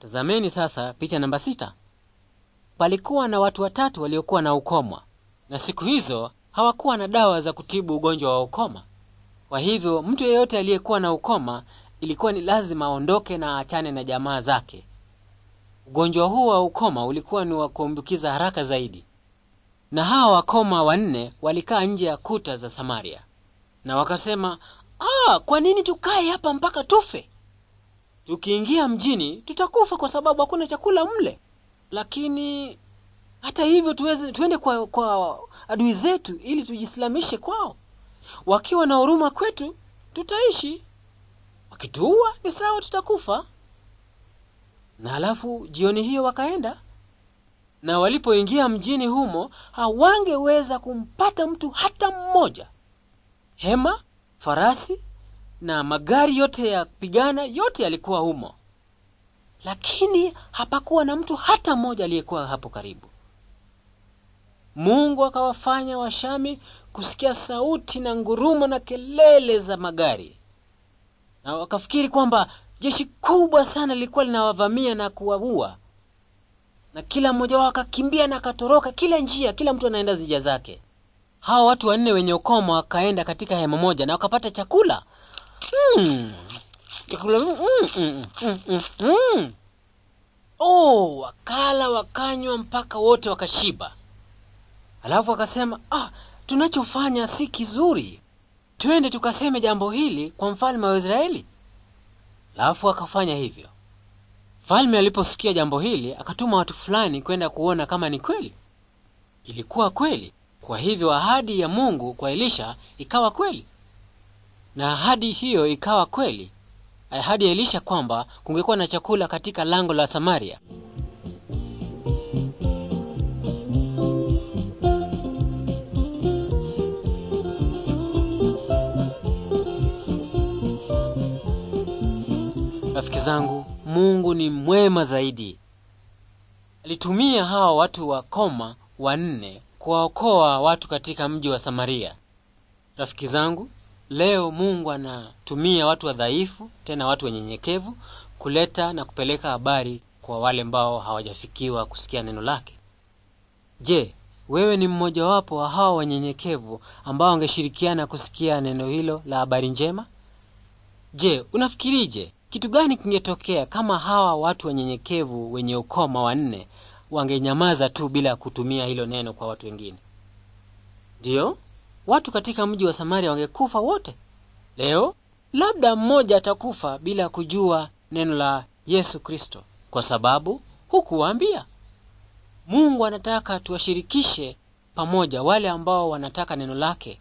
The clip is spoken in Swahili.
Tazameni sasa picha namba sita. Palikuwa na watu watatu waliokuwa na ukoma, na siku hizo hawakuwa na dawa za kutibu ugonjwa wa ukoma. Kwa hivyo mtu yeyote aliyekuwa na ukoma ilikuwa ni lazima aondoke na aachane na jamaa zake. Ugonjwa huu wa ukoma ulikuwa ni wa kuambukiza haraka zaidi, na hawa wakoma wanne walikaa nje ya kuta za Samaria na wakasema, ah, kwa nini tukae hapa mpaka tufe? tukiingia mjini tutakufa kwa sababu hakuna chakula mle, lakini hata hivyo tuweze, tuende kwa, kwa adui zetu ili tujislamishe kwao. Wakiwa na huruma kwetu tutaishi, wakituua ni sawa, tutakufa. Na alafu jioni hiyo wakaenda, na walipoingia mjini humo hawangeweza kumpata mtu hata mmoja. Hema, farasi na magari yote ya kupigana yote yalikuwa humo, lakini hapakuwa na mtu hata mmoja aliyekuwa hapo karibu. Mungu akawafanya Washami kusikia sauti na ngurumo na kelele za magari, na wakafikiri kwamba jeshi kubwa sana lilikuwa linawavamia na kuwaua, na kila mmoja wao akakimbia na akatoroka kila njia, kila mtu anaenda njia zake. Hawa watu wanne wenye ukoma wakaenda katika hema moja na wakapata chakula chakula mm, mm. mm, mm, mm, mm. Oh, wakala wakanywa mpaka wote wakashiba. Alafu akasema ah, tunachofanya si kizuri, twende tukaseme jambo hili kwa mfalme wa Israeli. Alafu akafanya hivyo. Mfalme aliposikia jambo hili, akatuma watu fulani kwenda kuona kama ni kweli. Ilikuwa kweli. Kwa hivyo ahadi ya Mungu kwa Elisha ikawa kweli. Na ahadi hiyo ikawa kweli, ahadi eh, ya Elisha kwamba kungekuwa na chakula katika lango la Samaria. Rafiki zangu, Mungu ni mwema zaidi. Alitumia hawa watu wa koma wanne kuwaokoa watu katika mji wa Samaria. Rafiki zangu, Leo Mungu anatumia watu wadhaifu, tena watu wenyenyekevu kuleta na kupeleka habari kwa wale ambao hawajafikiwa kusikia neno lake. Je, wewe ni mmojawapo wa hao wanyenyekevu ambao wangeshirikiana kusikia neno hilo la habari njema? Je, unafikirije kitu gani kingetokea kama hawa watu wanyenyekevu wenye ukoma wanne wangenyamaza tu bila kutumia hilo neno kwa watu wengine? Ndiyo, watu katika mji wa Samaria wangekufa wote. Leo labda mmoja atakufa bila kujua neno la Yesu Kristo, kwa sababu hukuwaambia. Mungu anataka tuwashirikishe pamoja wale ambao wanataka neno lake